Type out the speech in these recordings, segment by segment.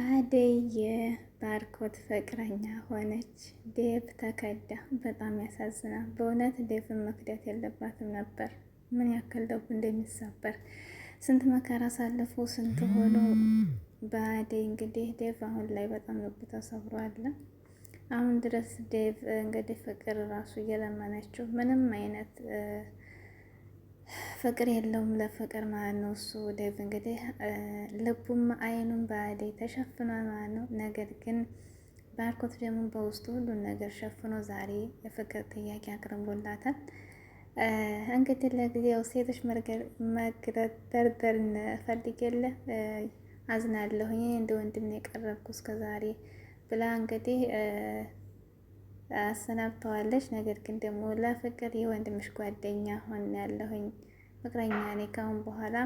አደይ የባርኮት ፍቅረኛ ሆነች። ዴቭ ተከዳ። በጣም ያሳዝናል በእውነት ዴቭን መክዳት የለባትም ነበር። ምን ያክል ደቡ እንደሚሰበር ስንት መከራ ሳለፉ ስንት ሆኖ በአደይ እንግዲህ ዴቭ አሁን ላይ በጣም ልቡ አለ? አሁን ድረስ ዴቭ እንግዲህ ፍቅር ራሱ እየለመነችው ምንም አይነት ፍቅር የለውም ለፍቅር ማለት ነው። እሱ ዴቭ እንግዲህ ልቡም አይኑም በአደይ ተሸፍኗል ማለት ነው። ነገር ግን ባርኮት ደግሞ በውስጡ ሁሉን ነገር ሸፍኖ ዛሬ የፍቅር ጥያቄ አቅርቦላታል። እንግዲህ ለጊዜው ሴቶች መግደርደር ፈልግ የለ አዝናለሁኝ እንደ ወንድም የቀረብኩ እስከ ዛሬ ብላ እንግዲህ አሰናብተዋለች። ነገር ግን ደግሞ ለፍቅር የወንድምሽ ጓደኛ ሆን ያለሁኝ ፍቅረኛ ኔ ካሁን በኋላ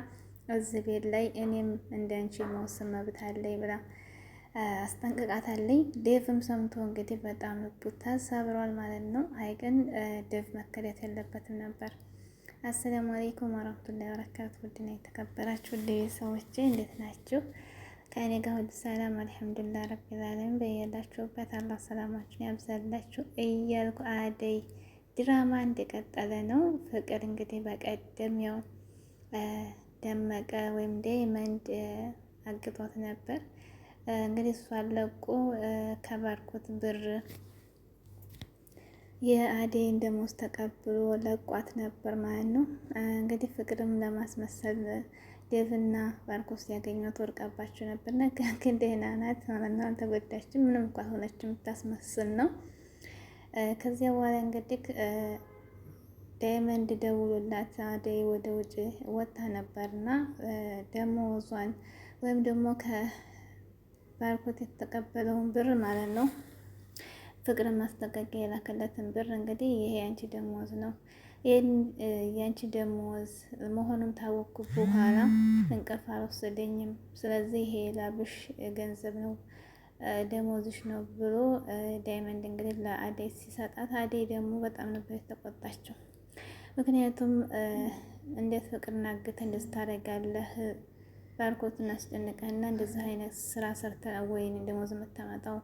እዚህ ቤት ላይ እኔም እንደ አንቺ መውሰን መብት አለኝ ብላ አስጠንቅቃታለኝ። ዴቭም ሰምቶ እንግዲህ በጣም ልቡ ተሰብሯል ማለት ነው። አይ ግን ዴቭ መከዳት የለበትም ነበር። አሰላሙ አለይኩም ወራህመቱላሂ ወበረካቱ። ውድና የተከበራችሁ ሰዎቼ እንዴት ናችሁ? ከእኔ ጋር ሁሉ ሰላም አልሐምዱሊላህ ረቢል ዓለሚን። በያላችሁበት አላህ ሰላማችሁን ያብዛላችሁ እያልኩ አደይ ድራማ እንደቀጠለ ነው። ፍቅር እንግዲህ በቀደም ያው ደመቀ ወይም ዳይመንድ አግቶት ነበር። እንግዲህ እሱ አለቁ ከባርኮት ብር የአደይን ደሞዝ ተቀብሎ ለቋት ነበር ማለት ነው። እንግዲህ ፍቅርም ለማስመሰል ዴቭና ባርኮስ ያገኟት ወርቃባቸው ነበር። ነገር ግን ደህና ናት ማለት ነው፣ አልተጎዳችም። ምንም እንኳ ሆነች የምታስመስል ነው። ከዚያ በኋላ እንግዲህ ዳይመንድ ደውሎላት አደይ ወደ ውጭ ወጥታ ነበርና ደሞዟን ወይም ደግሞ ከባርኮት የተቀበለውን ብር ማለት ነው ፍቅርን ማስጠንቀቂያ የላከለትን ብር እንግዲህ ይሄ አንቺ ደሞዝ ነው ያንቺ ደሞዝ መሆኑን ታወቅኩ በኋላ እንቅልፍ አልወሰደኝም። ስለዚህ ይሄ ላብሽ ገንዘብ ነው ደሞዝሽ ነው ብሎ ዳይመንድ እንግዲህ ለአደይ ሲሰጣት፣ አደይ ደግሞ በጣም ነበር የተቆጣቸው። ምክንያቱም እንዴት ፍቅርና ግት እንደዚህ ታደርጋለህ ባርኮትን አስጨንቀህና እንደዚህ አይነት ስራ ሰርተ ወይን ደሞዝ የምታመጣው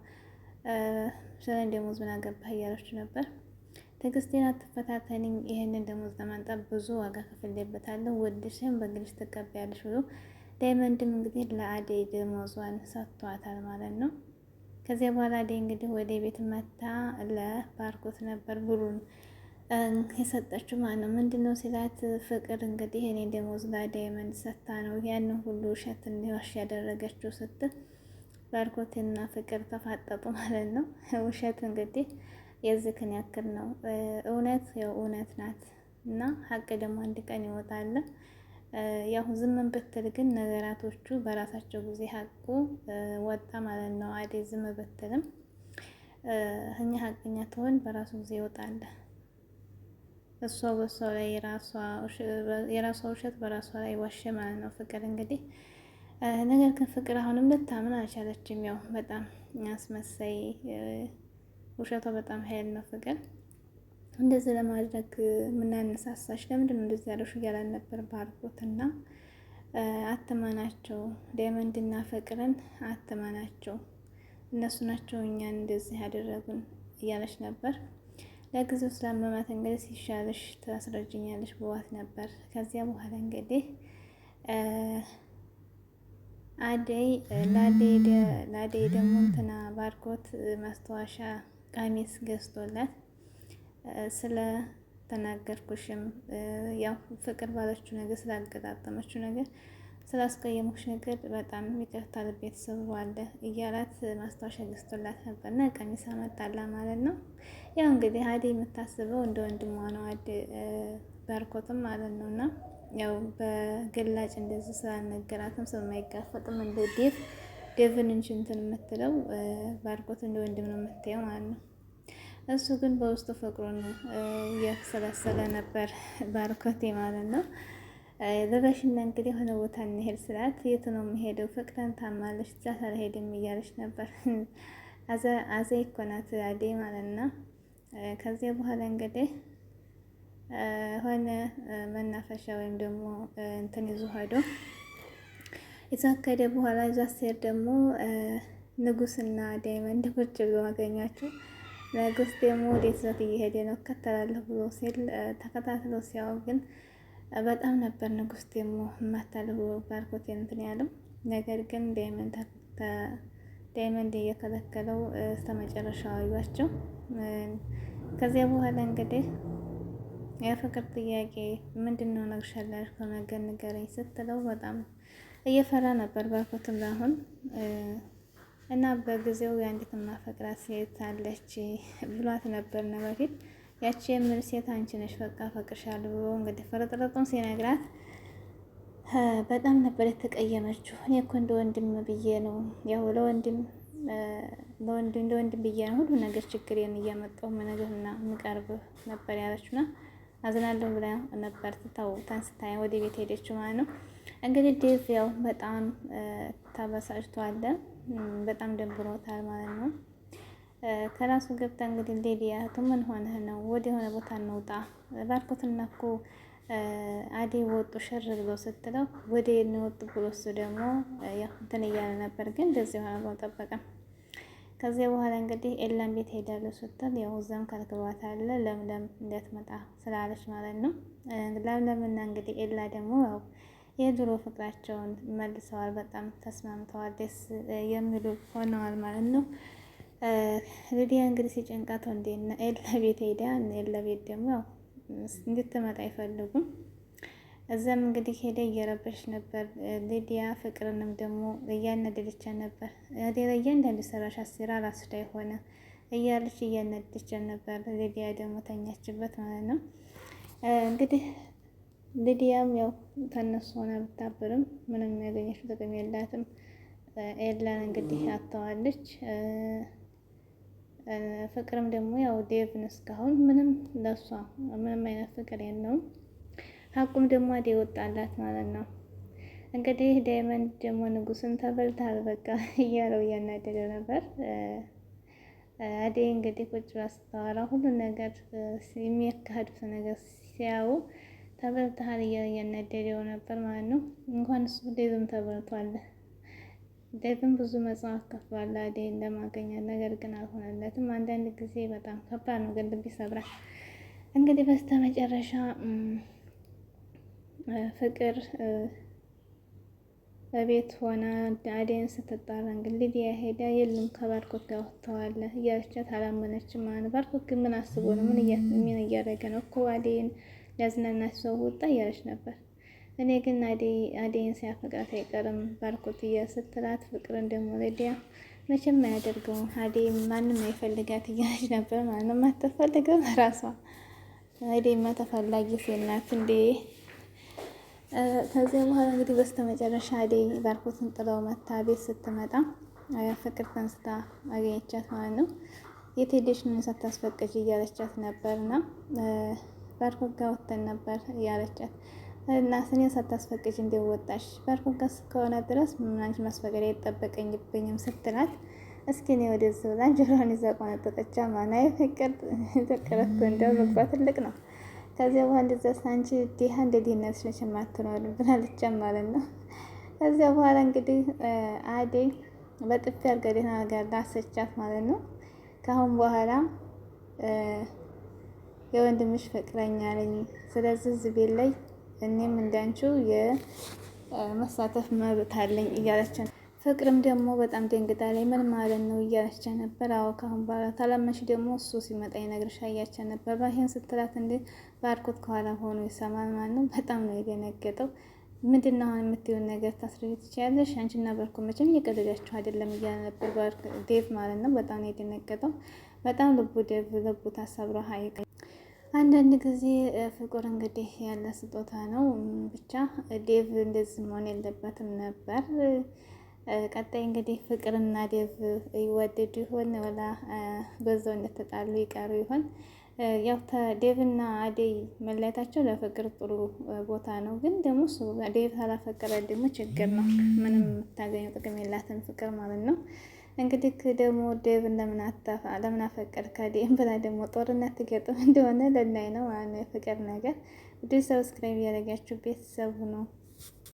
ስለ ደሞዝ ምን አገባህ እያለች ነበር ትዕግስቴን አትፈታተንኝ። ይሄንን ደሞዝ ለማንጣት ብዙ ዋጋ ከፍሌበታለሁ። ወድሽን በግልሽ ትቀበያለሽ ብሎ ዳይመንድም እንግዲህ ለአደይ ደሞዟን ሰጥቷታል ማለት ነው። ከዚያ በኋላ አደይ እንግዲህ ወደ ቤት መታ ለባርኮት ነበር ብሩን የሰጠችው ማለት ነው። ምንድን ነው ሲላት ፍቅር እንግዲህ እኔ ደሞዝ ለዳይመንድ ሰታ ነው ያን ሁሉ ውሸት እንዲዋሽ ያደረገችው ስትል ባርኮትና ፍቅር ተፋጠጡ ማለት ነው። ውሸት እንግዲህ የዝክን ያክል ነው። እውነት ያው እውነት ናት እና ሀቅ ደግሞ አንድ ቀን ይወጣል። ያው ዝምን ብትል ግን ነገራቶቹ በራሳቸው ጊዜ ሀቁ ወጣ ማለት ነው። አዴ ዝም ብትልም እኛ ሀቀኛ ትሆን በራሱ ጊዜ ይወጣል። እሷ በሷ ላይ የራሷ ውሸት በራሷ ላይ ዋሸ ማለት ነው። ፍቅር እንግዲህ ነገር ግን ፍቅር አሁንም ልታምን አልቻለችም። ያው በጣም አስመሳይ ውሸቷ በጣም ሀይል ነው ፍቅር እንደዚህ ለማድረግ የምናነሳሳሽ ለምንድን ነው እንደዚህ ያለው እያላን ነበር ባርኮት እና አትመናቸው ዳይመንድና ፍቅርን አተማናቸው እነሱ ናቸው እኛን እንደዚህ ያደረጉን እያለች ነበር ለጊዜው ስላመማት እንግዲህ ሲሻለሽ ታስረጅኛለሽ ብዋት ነበር ከዚያ በኋላ እንግዲህ አደይ ላደይ ደግሞ እንትና ባርኮት ማስታወሻ ቀሚስ ገዝቶላት ስለ ተናገርኩሽም ያው ፍቅር ባለችው ነገር ስላልገጣጠመችው ነገር ስላስቀየሙሽ ነገር በጣም ይቅርታ ልቤት ስብሯል እያላት ማስታወሻ ገዝቶላት ነበርና ቀሚስ አመጣላ ማለት ነው። ያው እንግዲህ አዲ የምታስበው እንደ ወንድሟ ነው። አዲ ባርኮትም ማለት ነው እና ያው በግላጭ እንደዚህ ስላልነገራትም ስለማይጋፈጥም እንደ ዴት ዴቭን እንጂ እንትን የምትለው ባርኮት እንደ ወንድም ነው የምታየው ማለት ነው። እሱ ግን በውስጡ ፍቅሩን እያሰላሰለ ነበር ባርኮቴ ማለት ነው። ልበሽና እንግዲህ የሆነ ቦታ እንሄድ ስላት የት ነው የሚሄደው? ፍቅረን ታማለች እዛ አልሄድም እያለች ነበር። አዘ እኮ ናት አዴ ማለት ነው። ከዚያ በኋላ እንግዲህ ሆነ መናፈሻ ወይም ደግሞ እንትን ይዞ ሄዶ እዛ ከሄደ በኋላ እዛ ሲሄድ ደግሞ ንጉስና ዳይመንድ ቁጭ ብሎ አገኛቸው። ንጉስ ደግሞ ወዴት ዘት እየሄደ ነው እከተላለሁ ብሎ ሲል ተከታትሎ ሲያው ግን በጣም ነበር ንጉስ ደግሞ እማታለሁ ብሎ ባርኮት እንትን ያለው ነገር ግን ዳይመንድ እየከለከለው እስከ መጨረሻ አዩዋቸው። ከዚያ በኋላ እንግዲህ የፍቅር ጥያቄ ምንድን ነው ነግሻለሽ ከነገር ንገረኝ ስትለው በጣም እየፈራ ነበር ባርኮትም አሁን እና በጊዜው የአንዲት ማፈቅራት ሴት አለች ብሏት ነበር ነው በፊት ያቺ የምል ሴት አንቺ ነሽ በቃ ፈቅርሻለሁ ብሎ እንግዲህ ፍርጥርጡን ሲነግራት በጣም ነበር የተቀየመችው። እኔ እኮ እንደ ወንድም ብዬ ነው ያው ለወንድም ለወንድም እንደ ወንድም ብዬ ነው ሁሉ ነገር ችግሬን እያመጣሁ መነገርና የምቀርብ ነበር ያለችና አዝናለሁ ብለ ነበር ትተው ተንስታ ወደ ቤት ሄደችው ማለት ነው። እንግዲህ ዴቭ ያው በጣም ተበሳጭቷል፣ በጣም ደብሮታል ማለት ነው። ከራሱ ገብታ እንግዲህ ሌሊያ ምን ሆነህ ነው? ወደ የሆነ ቦታ እንውጣ ባርኮትና እኮ አዴ ወጡ ሸር ብሎ ስትለው ወደ የወጡ ብሎ እሱ ደግሞ ያው እንትን እያለ ነበር፣ ግን እንደዚህ ሆነ አልጠበቀም። ከዚያ በኋላ እንግዲህ ኤላ ቤት ሄዳለሁ ስትል ያው እዛም ከልክሏት አለ ለምለም እንዳትመጣ ስላለች ማለት ነው። ለምለምና እንግዲህ ኤላ ደግሞ ያው የድሮ ፍቅራቸውን መልሰዋል። በጣም ተስማምተዋል። ደስ የሚሉ ሆነዋል ማለት ነው። ልዲያ እንግዲህ ሲጨንቃት ወንዴና ኤላ ቤት ሄዳ ኤላ ቤት ደግሞ ያው እንድትመጣ አይፈልጉም። እዛም እንግዲህ ሄደ እየረበሽ ነበር። ሊዲያ ፍቅርንም ደግሞ እያነደደቻ ነበር። እያንዳንዱ ሰራሽ አስራ ራሱ ላይ ሆነ እያለች እያነደደቻ ነበር። ሊዲያ ደግሞ ተኛችበት ማለት ነው። እንግዲህ ሊዲያም ያው ከነሱ ሆና ብታብርም ምንም ያገኘችው ጥቅም የላትም። ኤላን እንግዲህ አተዋለች። ፍቅርም ደግሞ ያው ዴቭን እስካሁን ምንም ለሷ ምንም አይነት ፍቅር የለውም። ሀቁም ደግሞ አደይ ወጣላት ማለት ነው። እንግዲህ ዳይመንድ ደግሞ ንጉስን ተበልታል በቃ እያለው እያናደደ ነበር። አደይ እንግዲህ ቁጭ ብላ ስታወራ ሁሉን ነገር የሚያካሂዱት ነገር ሲያዩ ተበልተሃል እያለ እያናደደው ነበር ማለት ነው። እንኳን እሱ ዴቭም ተበልቷል። ዴቭም ብዙ መጽሐፍ ከፍሏል አዴ ለማገኛት ነገር ግን አልሆነለትም። አንዳንድ ጊዜ በጣም ከባድ ነው፣ ግን ልብ ይሰብራል። እንግዲህ በስተመጨረሻ ፍቅር በቤት ሆና አደይን ስትጣራ እንግዲህ ሊዲያ ሄዳ የለም ከባርኮት ጋር ወጥተዋለህ እያለቻት አላመነችም ማለት ነው። ባርኮት ግን ምን አስቦ ነው? ምን እያደረገ ነው እኮ አደይን ሊያዝናናት ሰው ወጣ እያለች ነበር። እኔ ግን አደይን ሲያፈቅራት አይቀርም ባርኮት እያስትላት ፍቅርን ደግሞ ሊዲያ መቼም አያደርገውም አደይ ማንም አይፈልጋት እያለች ነበር ማለት ነው። የማትፈልገው ራሷ አደይማ ተፈላጊ ሴት ናት እንዴ ከዚያ በኋላ እንግዲህ በስተመጨረሻ አደይ ባርኮትን ጥለው መታ ቤት ስትመጣ ፍቅር ተንስታ አገኘቻት ማለት ነው። የት ሄደሽ ነው ሳታስፈቅጅ እያለቻት ነበር እና ባርኮት ጋር ወተን ነበር እያለቻት እና ስኔ ሳታስፈቅጅ እንዴት ወጣሽ? ባርኮት ጋር እስከሆነ ድረስ ምናንች ማስፈቀድ አይጠበቀኝብኝም ስትላት እስኪ እኔ ወደዚህ ብላ ጆሮዋን ይዛ ቆነጠጠቻ ማና የፍቅር ተቀረፍኩ እንደው መግባት ትልቅ ነው ከዚያ በኋላ እንደዛ ሳንቺ ዲሃ እንደ ዲነት መቼም አትኖርም ብላለች ማለት ነው። ከዚያ በኋላ እንግዲህ አዴ በጥፊ አድርጋ ደህና ነገር ዳሰቻት ማለት ነው። ከአሁን በኋላ የወንድምሽ ፍቅረኛ ነኝ፣ ስለዚህ እዚህ ላይ እኔም እንዳንቺው የመሳተፍ መብት አለኝ እያለች ነው ፍቅርም ደግሞ በጣም ደንግጣ ላይ ምን ማለት ነው እያለቻ ነበር። አዎ ካሁን በኋላ ታላመሽ ደግሞ እሱ ሲመጣ ይነግርሻ እያቻ ነበር። ባሄን ስትላት እንዴ ባርኮት ከኋላ ሆኖ ይሰማል ማለት ነው። በጣም ነው የደነገጠው። ምንድን ነው አሁን የምትይውን ነገር ታስረጅ ትችያለሽ? አንቺና ባርኮ መቼም እየቀለዳችሁ አይደለም እያለ ነበር ዴቭ ማለት ነው። በጣም ነው የደነገጠው። በጣም ልቡ ዴቭ ልቡ ታሰብሮ ሀይቅ አንዳንድ ጊዜ ፍቅር እንግዲህ ያለ ስጦታ ነው። ብቻ ዴቭ እንደዚህ መሆን የለበትም ነበር ቀጣይ እንግዲህ ፍቅርና ዴቭ ይወደዱ ይሆን ወላ በዛው እንደተጣሉ ይቀሩ ይሆን? ያው ዴቭና አደይ መለያየታቸው ለፍቅር ጥሩ ቦታ ነው፣ ግን ደግሞ እሱ ዴቭ አላፈቀረ ደግሞ ችግር ነው። ምንም የምታገኘው ጥቅም የላትም ፍቅር ማለት ነው። እንግዲህ ደግሞ ዴቭ ለምን አፈቀር ከዴም ብላ ደግሞ ጦርነት ትገጥም እንደሆነ ለናይ ነው ፍቅር ነገር። ውድ ሰብስክራይብ ያደረጋችሁ ቤተሰብ ነው።